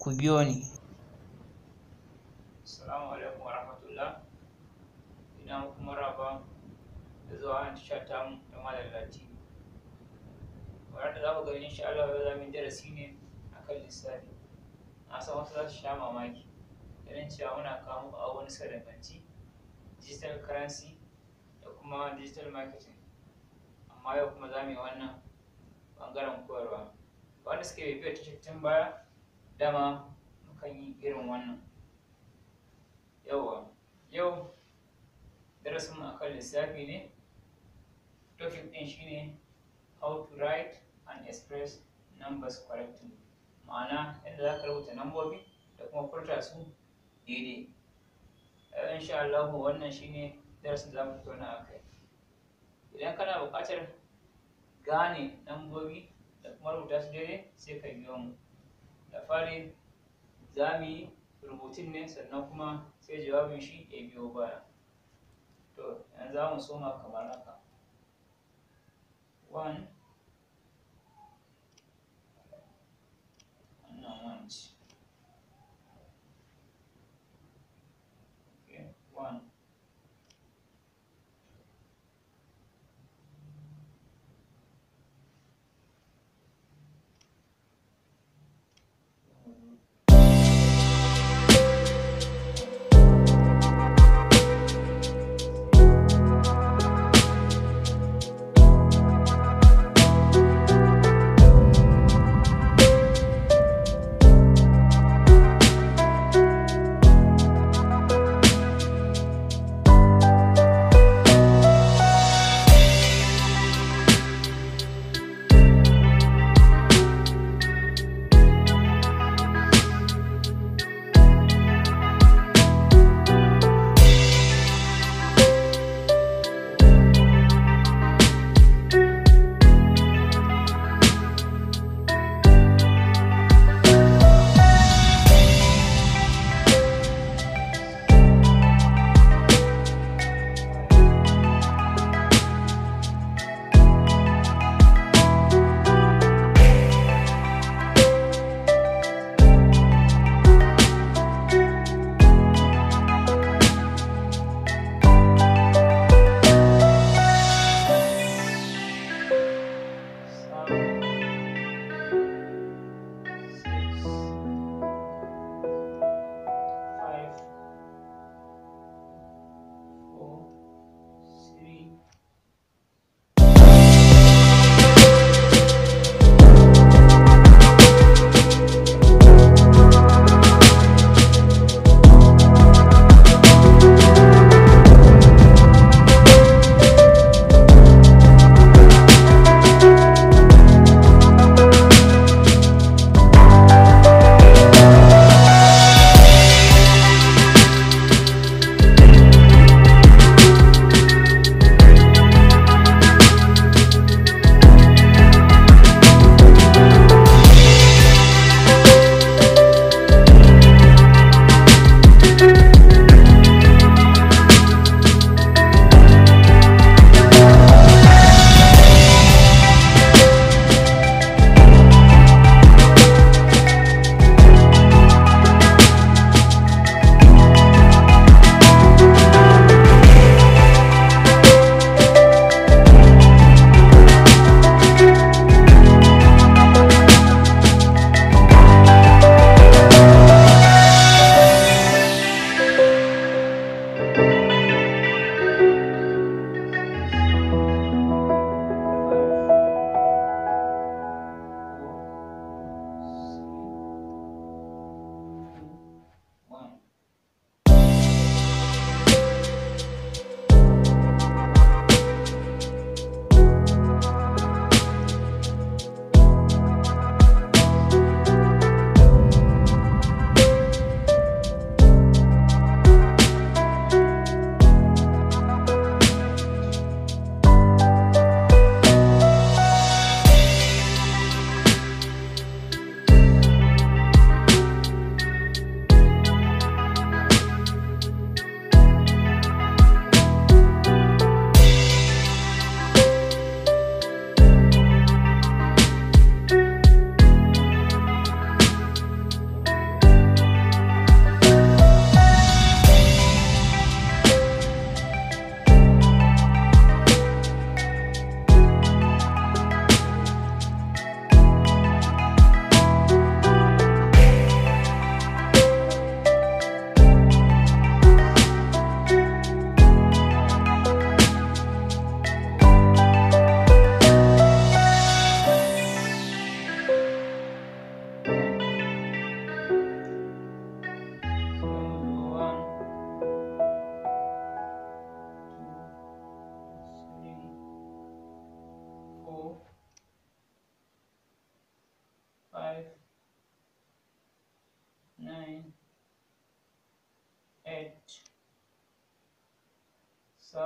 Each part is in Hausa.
ku biyo ni assalamu alaikum ina muku maraba da zuwa an tisha ta da malalla wannan da za ku gani insha Allah za mu darasi ne akan lissafi na san wasu za su sha mamaki ganin cewa muna kawo muku abubuwan da suka digital currency da kuma digital marketing amma yau kuma za mu yi wannan bangaren koyarwa wanda suke bibiyar tashar tun baya dama mukan yi irin wannan yawa yau darasin a kan lissafi ne topic ɗin shine how to write and express numbers correctly ma'ana yadda za ka rubuta nambobi da kuma furta su daidai eh, insha Allah wannan shine darasin za mu tattauna a kai idan kana buƙatar gane nambobi da kuma rubuta su daidai sai ka biyo mu da fari za mu yi rubutun ne sannan kuma sai jawabin shi ya biyo baya to yanzu za mu soma kamar haka 1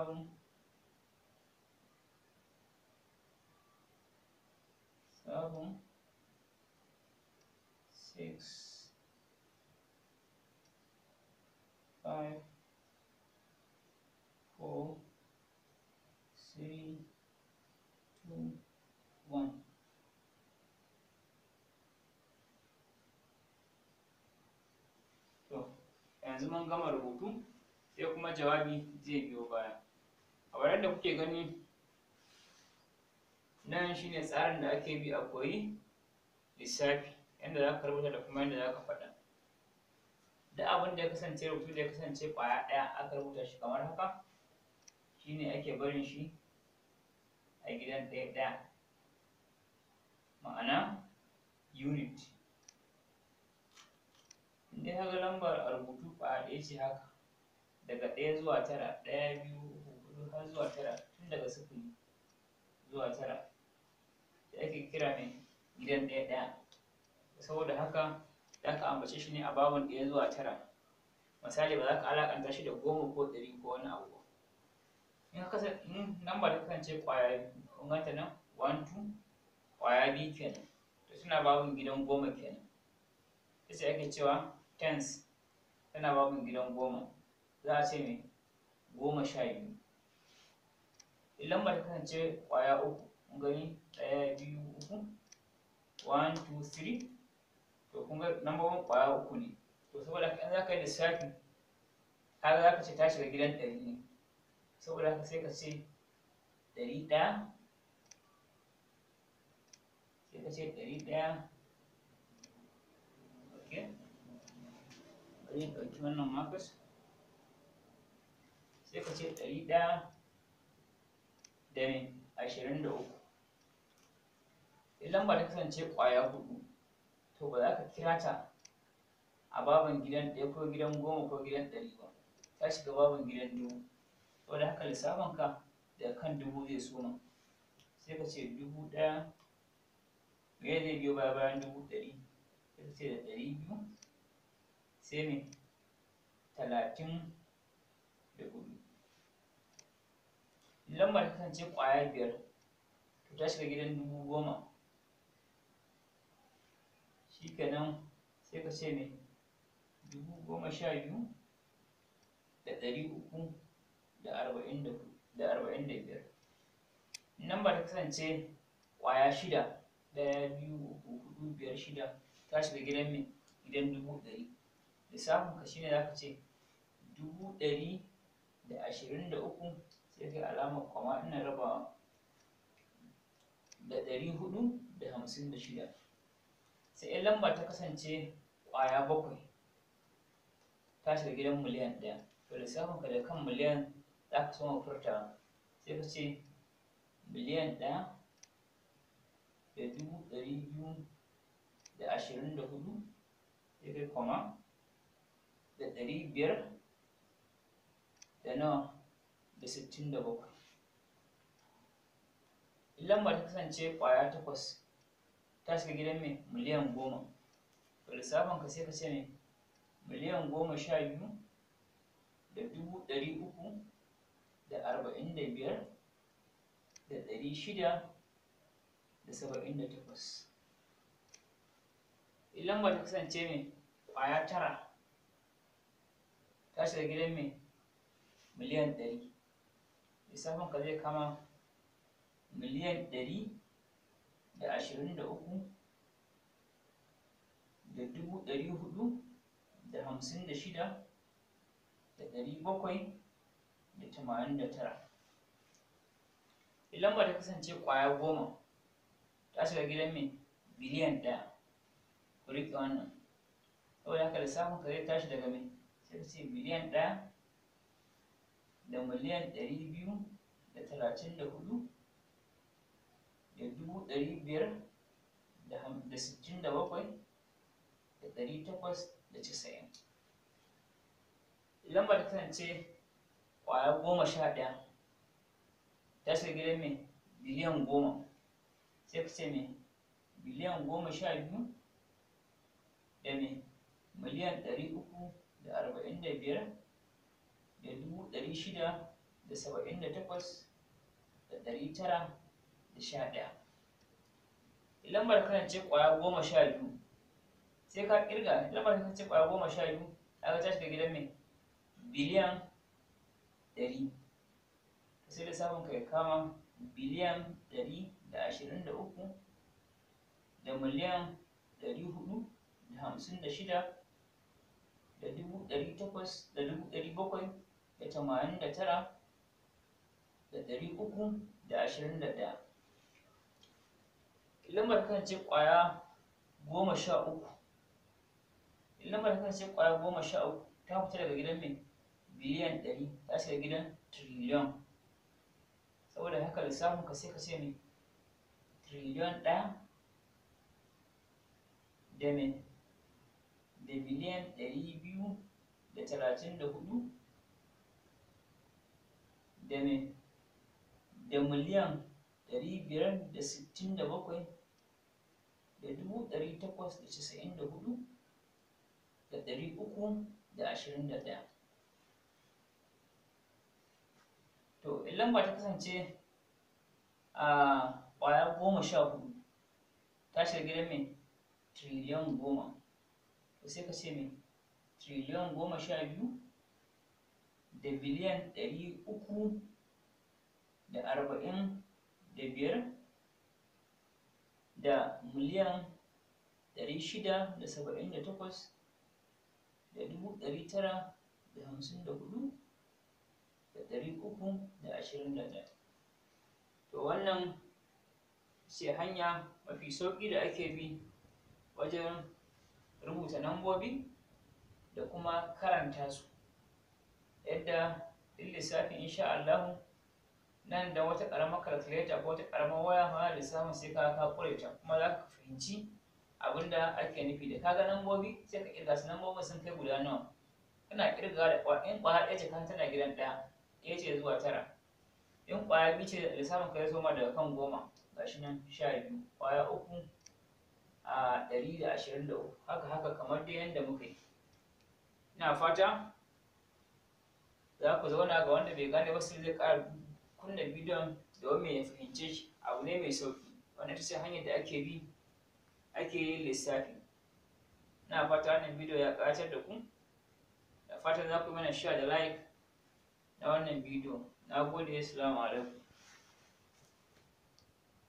samun to yanzu mun gama rubutu sai kuma jawabi zai biyo baya kamar yadda kuke gani nan shine tsarin da ake bi a koyi lissafi yadda za ka rubuta da kuma yadda za ka faɗa da abin da ya kasance rubutu da ya kasance ƙwaya ɗaya aka rubuta shi kamar haka shine ake barin shi a gidan ɗaya ɗaya ma'ana unit inda haka lambar a rubutu ƙwaya ɗaya ce haka daga ɗaya zuwa tara ɗaya biyu har zuwa tara tun daga sufuri zuwa tara da ake kira mai gidan ɗaya ɗaya saboda haka za ka ambace shi ne a babun ɗaya zuwa tara misali ba za ka alaƙanta shi da goma ko ɗari ko wani abu in ka in ba ta kasance ƙwaya kun ganta nan one two ƙwaya biyu kenan to suna babin gidan goma kenan ita ake cewa tens tana babin gidan goma za a ce mai goma sha biyu Eh, lambar ta kasance kwaya uku kun gani ɗaya biyu uku one two three to kun ga lambobin kwaya uku ne to saboda haka in za ka yi lissafi kaga za ka ce ta shiga gidan ɗari ne saboda haka sai ka ce ɗari ɗaya sai ka ce ɗari ɗaya ok bari in ɗauki wannan marcus sai ka ce ɗari ɗaya da me ashirin da uku idan ba ta kasance ƙwaya hudu to ba za ka kira ta a baban gidan ɗaya ko gidan goma ko gidan ɗari ba ta shiga baban gidan dubu da haka ka da kan dubu zai soma sai ka ce dubu ɗaya me zai biyo baya bayan dubu ɗari sai ka ce da ɗari biyu sai me talatin da hudu lambar ta kasance ƙwaya biyar to ta shiga gidan dubu goma shi kenan sai ka ce ne dubu goma sha biyu da ɗari uku da arba'in da arba'in da biyar lambar ta kasance ƙwaya shida ɗaya biyu uku hudu biyar shida ta shiga gidan mai gidan dubu ɗari lissafin ka shine za ka ce dubu ɗari da ashirin da uku sai ga alamar kwama ina raba da ɗari hudu da hamsin da shida sai lamba ta kasance kwaya bakwai ta shiga gidan miliyan ɗaya to samun ka da kan miliyan za ka soma furta sai ka ce miliyan ɗaya da dubu ɗari biyu da ashirin da hudu sai kai kwama da ɗari biyar da nawa da sittin da bakwai lambar ta kasance ƙwaya takwas ta shiga gidan mai miliyan goma to lissafin ka sai ka ce mai miliyan goma sha biyu da dubu ɗari uku da arba'in da biyar da ɗari shida da saba'in da takwas lambar ta kasance mai ƙwaya tara ta shiga gidan mai miliyan ɗari lissafin ka zai kama miliyan ɗari da ashirin da uku da dubu ɗari hudu da hamsin da shida da ɗari bakwai da tamanin da tara idan ba ta kasance kwaya goma ta shiga gidan mai biliyan ɗaya ku riƙe wannan saboda haka lissafin ka zai tashi daga mai sai ta ce biliyan ɗaya da miliyan ɗari biyu da talatin da hudu da dubu ɗari biyar da sittin da bakwai da ɗari takwas da casa'in lambar ta kasance ƙwaya goma sha ɗaya ta shiga gidan mai biliyan goma sai ka ce mai biliyan goma sha biyu da mai miliyan ɗari uku da arba'in da biyar da dubu ɗari shida da saba'in da takwas da ɗari tara da sha ɗaya lambar kana ƙwaya goma sha biyu sai ka ƙirga lambar kana ƙwaya goma sha biyu kaga tashi shiga gidan mai biliyan ɗari sai da samun kai ya kama biliyan ɗari da ashirin da uku da miliyan ɗari hudu da hamsin da shida da dubu ɗari takwas da dubu ɗari bakwai da tamanin da tara da ɗari uku da ashirin da ɗaya lambar kasance ƙwaya goma sha uku lambar kasance ƙwaya goma sha uku ta fita daga gidan mai biliyan ɗari ta shiga gidan triliyon saboda haka lissafin ka sai ka sai mai triliyon ɗaya da mai da biliyan ɗari biyu da talatin da hudu da miliyan ɗari biyar da sittin da da bakwai dubu ɗari takwas da casa'in da hudu da ɗari uku da ashirin da ɗaya to in lamba ta kasance a ƙwaya goma sha hudu ta shiga gidan mai triliyan goma sai ka ce mai triliyan goma sha biyu da biliyan ɗari uku da arba'in da biyar da miliyan ɗari shida da saba'in da takwas da dubu ɗari tara da hamsin da hudu da ɗari uku da ashirin da ɗaya to wannan sai hanya mafi sauƙi da ake bi wajen rubuta lambobi da kuma karanta su yadda duk lissafi, insha Allah nan da wata ƙaramar calculator ko wata ƙaramar waya ma samun sai ka ka kure kuma za ka fahimci abin da ake nufi da kaga lambobi sai ka kirga su lambobin sun kai guda nawa kana kirga da kwa in kwa ɗaya ce kan tana gidan ɗaya ɗaya ce zuwa tara in kwa biyu ce da samun ya zo ma daga kan goma gashi nan sha biyu kwaya uku a ɗari da ashirin da uku haka haka kamar dai yadda muka yi ina fata za ku zauna ga wanda bai gane ba sai zai ƙara kunna bidiyon domin ya fahimce shi abu ne mai sauƙi wannan ita ce hanyar da ake bi ake yi lissafi na fata wannan bidiyo ya ƙayatar da ku da fatan za ku mana sha da like na wannan bidiyo na gode salamu alaikum